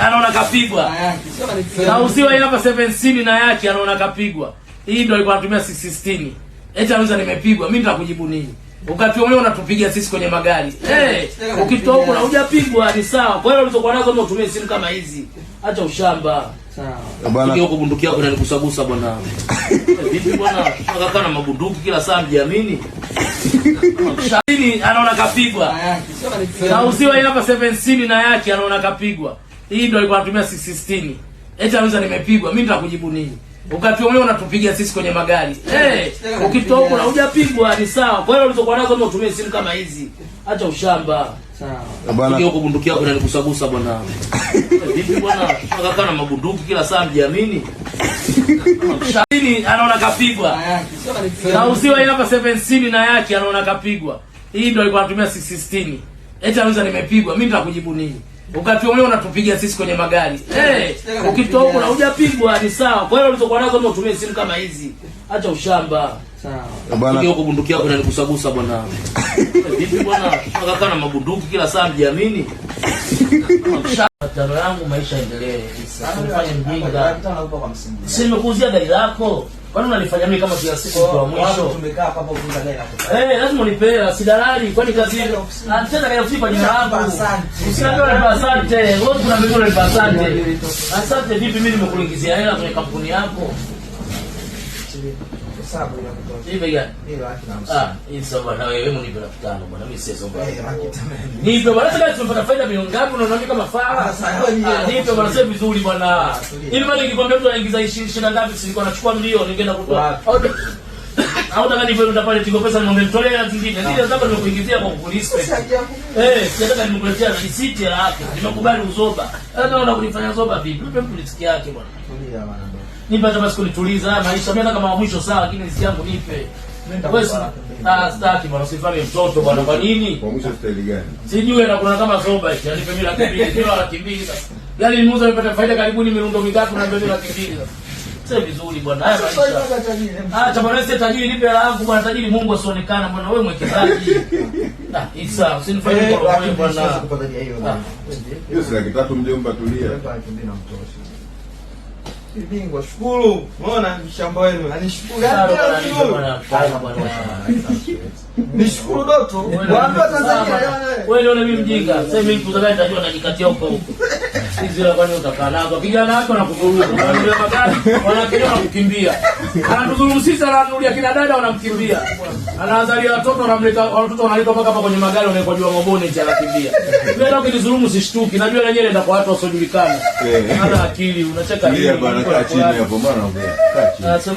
anaona kapigwa ah, nauziwa hii hapa 760 na yake anaona kapigwa. Hii ndio alikuwa anatumia 616. Eti anaweza nimepigwa, mimi nitakujibu nini? Ukatuonea unatupiga sisi kwenye magari. Eh, hey, ukitoa huko na hujapigwa ni sawa. Kwa hiyo ulizokuwa nazo ndio utumie simu kama hizi. Acha ushamba. Sawa. Bwana, huko bunduki yako inanikusagusa bwana. Eh, Vipi bwana? Unakaa na mabunduki kila saa mjiamini. Shahidi anaona kapigwa. Ah, nauziwa hii hapa 760 na yake anaona kapigwa. Hii ndio alikuwa anatumia 616. Eti anaweza nimepigwa, mimi nitakujibu nini? Wakati wewe unatupiga sisi kwenye magari. Eh, hey, ukitoka huko na hujapigwa ni sawa. Kwa hiyo ulizokuwa nazo ndio utumie simu kama hizi. Acha ushamba. Sawa. Bwana huko bunduki yako inanikusagusa bwana. Eh, vipi bwana? Unakaa na mabunduki kila saa mjiamini. Shahini anaona kapigwa. Na usiwe hapa 760 na yake anaona kapigwa. Hii ndio alikuwa anatumia 616. Eti anaweza nimepigwa, mimi nitakujibu nini? Wakati wewe unatupiga sisi kwenye magari. Eh, ukitoa huko na hujapigwa ni sawa. Kwa hiyo ulizokuwa nazo ndio utumie simu kama hizi. Acha ushamba. Sawa. Bwana, huko bunduki yako inanikusagusa bwana. Eh, vipi bwana? Akakaa na mabunduki kila saa mjiamini. Tano yangu maisha endelee. sasa Usifanye mjinga. Sema kuuzia gari lako. Kwani unanifanya mimi kama kila siku kwa mwisho? Tumekaa hapa kufunga gari hapo. Eh, lazima unipea si dalali kwani ah, kazi. Anacheza kaya usipa kwa jina langu. Usiambiwa ni asante. Wewe tunaambiwa ni asante. Asante vipi mimi nimekuingizia hela kwenye kampuni yako? hesabu ya kutosha. Nipe gani? Ni laki na hamsini. Ah, hii sawa bwana, wewe mimi nipe laki tano bwana, mimi siwezi kuomba. Eh, laki tano. Nipe bwana, sasa tunapata faida milioni ngapi unaona kama fara? Ah, ah nipe bwana, sasa vizuri bwana. Ah, Ili mali nikikwambia mtu anaingiza 20 ngapi, silikuwa nachukua milioni ningeenda kutoa. Hata kani vile pale tigo pesa nimemtolea zingine. zile zaba nimekuingizia kwa polisi. Eh, nataka nimekuletea na risiti ya hapo. Nimekubali uzoba. Sasa naona kunifanya zoba vipi? Mpe polisi yake bwana. Tulia bwana. Nipe hata basi kunituliza haya ah, maisha. Mimi nataka mwisho sawa, lakini risiti yangu nipe. Wewe ah, staki bwana, usifanye mtoto bwana. Kwa nini? Kwa mwisho staili gani? Sijui na kuna kama zoba hiki Nipe yaani mimi laki mbili, kila laki mbili sasa. Yaani nimuuza nipate faida karibu ni mirundo mingapi na mbele laki mbili sasa. Sio vizuri bwana. Haya maisha. Ah, cha bwana wewe tajiri nipe hela yangu bwana tajiri Mungu asionekana bwana wewe mwekezaji. Ah, Isa usinifanye kwa roho wewe bwana. Hiyo si laki tatu mjomba tulia. Bingwa shukuru. Unaona shamba wenu. Anishukuru. Yaani bwana. Bwana. Nishukuru Doto. Waambie Tanzania yale. Wewe leo mimi yaani. mjinga. Sasa mimi kuzaa nitajua najikatia huko huko. Sisi la kwani utakaa nazo. Kijana wako anakuvuruga. Wanaelewa magari, wanakuja kukimbia. Anatuzuru sisi ananulia kina dada wanamkimbia. Anaanzalia watoto wanamleta watoto wanaleta mpaka hapa kwenye magari wanaikuwa juu mabone cha anakimbia. Wewe leo kilizulumu sishtuki. Najua na nyenye ndapo watu wasojulikana. Eh. Hana akili unacheka nini? Bwana kaa chini hapo bwana ongea. Kaa chini.